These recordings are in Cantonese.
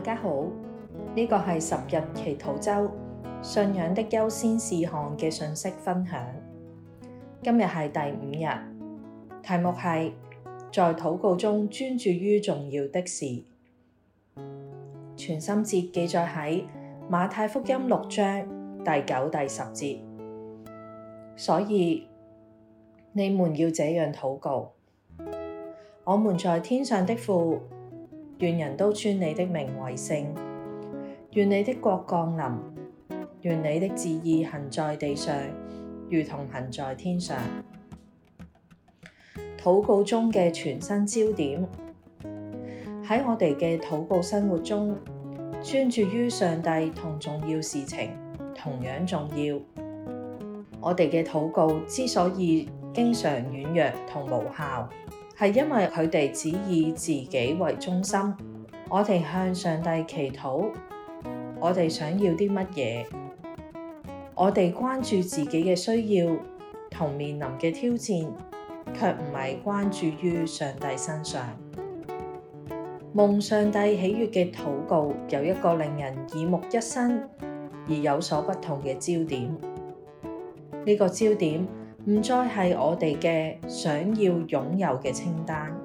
大家好，呢個係十日祈禱周信仰的優先事項嘅信息分享。今日係第五日，題目係在禱告中專注於重要的事。全心節記載喺馬太福音六章第九、第十節。所以你們要這樣禱告：我們在天上的父。願人都尊你的名為聖，願你的國降臨，願你的旨意行在地上，如同行在天上。禱告中嘅全新焦點喺我哋嘅禱告生活中，專注於上帝同重要事情同樣重要。我哋嘅禱告之所以經常軟弱同無效。係因為佢哋只以自己為中心，我哋向上帝祈禱，我哋想要啲乜嘢，我哋關注自己嘅需要同面臨嘅挑戰，卻唔係關注於上帝身上。蒙上帝喜悅嘅禱告有一個令人耳目一新而有所不同嘅焦點，呢、這個焦點。唔再係我哋嘅想要擁有嘅清單，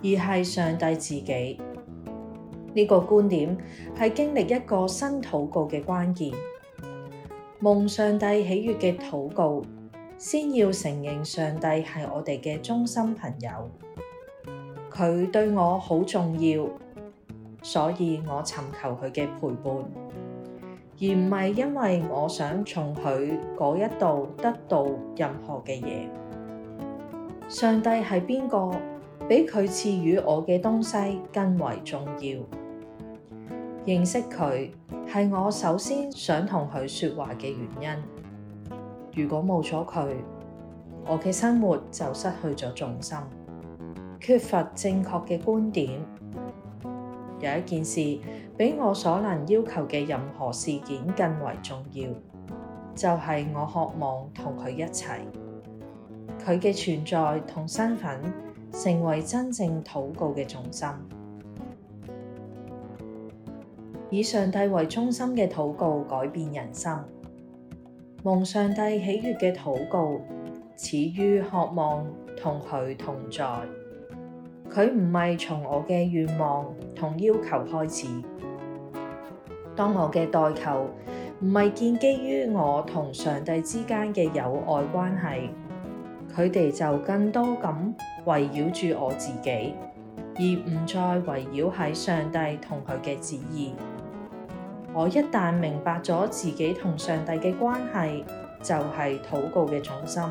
而係上帝自己。呢個觀點係經歷一個新禱告嘅關鍵。蒙上帝喜悅嘅禱告，先要承認上帝係我哋嘅忠心朋友，佢對我好重要，所以我尋求佢嘅陪伴。而唔係因為我想從佢嗰一度得到任何嘅嘢。上帝係邊個，比佢賜予我嘅東西更為重要。認識佢係我首先想同佢說話嘅原因。如果冇咗佢，我嘅生活就失去咗重心，缺乏正確嘅觀點。有一件事比我所能要求嘅任何事件更為重要，就係我渴望同佢一齊。佢嘅存在同身份成為真正禱告嘅重心。以上帝為中心嘅禱告改變人生。蒙上帝喜悅嘅禱告始於渴望同佢同在。佢唔係從我嘅願望同要求開始。當我嘅代求唔係建基於我同上帝之間嘅友愛關係，佢哋就更多咁圍繞住我自己，而唔再圍繞喺上帝同佢嘅旨意。我一旦明白咗自己同上帝嘅關係，就係禱告嘅重心。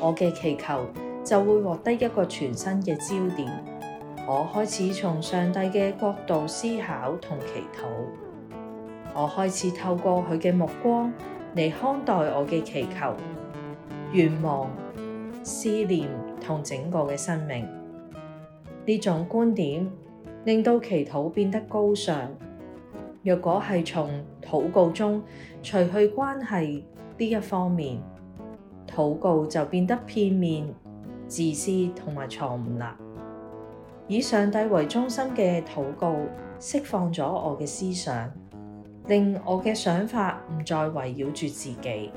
我嘅祈求，就會獲得一個全新嘅焦點。我開始從上帝嘅角度思考同祈禱，我開始透過佢嘅目光嚟看待我嘅祈求、願望、思念同整個嘅生命。呢種觀點令到祈禱變得高尚。若果係從禱告中除去關係呢一方面，禱告就變得片面。自私同埋錯誤啦。以上帝為中心嘅禱告，釋放咗我嘅思想，令我嘅想法唔再圍繞住自己。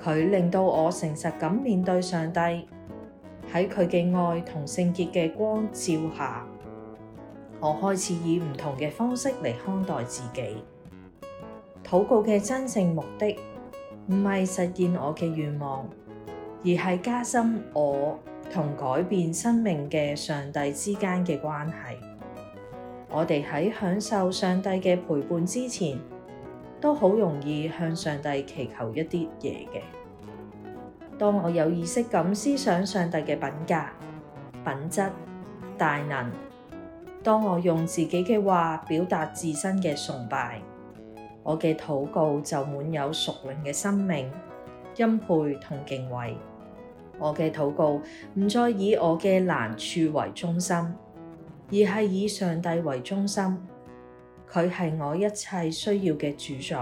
佢令到我誠實咁面對上帝，喺佢嘅愛同聖潔嘅光照下，我開始以唔同嘅方式嚟看待自己。禱告嘅真正目的唔係實現我嘅願望，而係加深我。同改變生命嘅上帝之間嘅關係，我哋喺享受上帝嘅陪伴之前，都好容易向上帝祈求一啲嘢嘅。當我有意識咁思想上帝嘅品格、品質、大能，當我用自己嘅話表達自身嘅崇拜，我嘅禱告就滿有屬靈嘅生命、欽佩同敬畏。我嘅禱告唔再以我嘅難處為中心，而係以上帝為中心。佢係我一切需要嘅主宰。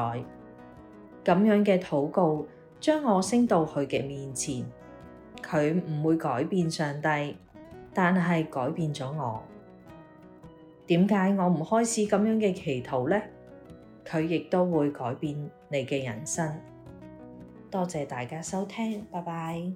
咁樣嘅禱告將我升到佢嘅面前。佢唔會改變上帝，但係改變咗我。點解我唔開始咁樣嘅祈禱呢？佢亦都會改變你嘅人生。多謝大家收聽，拜拜。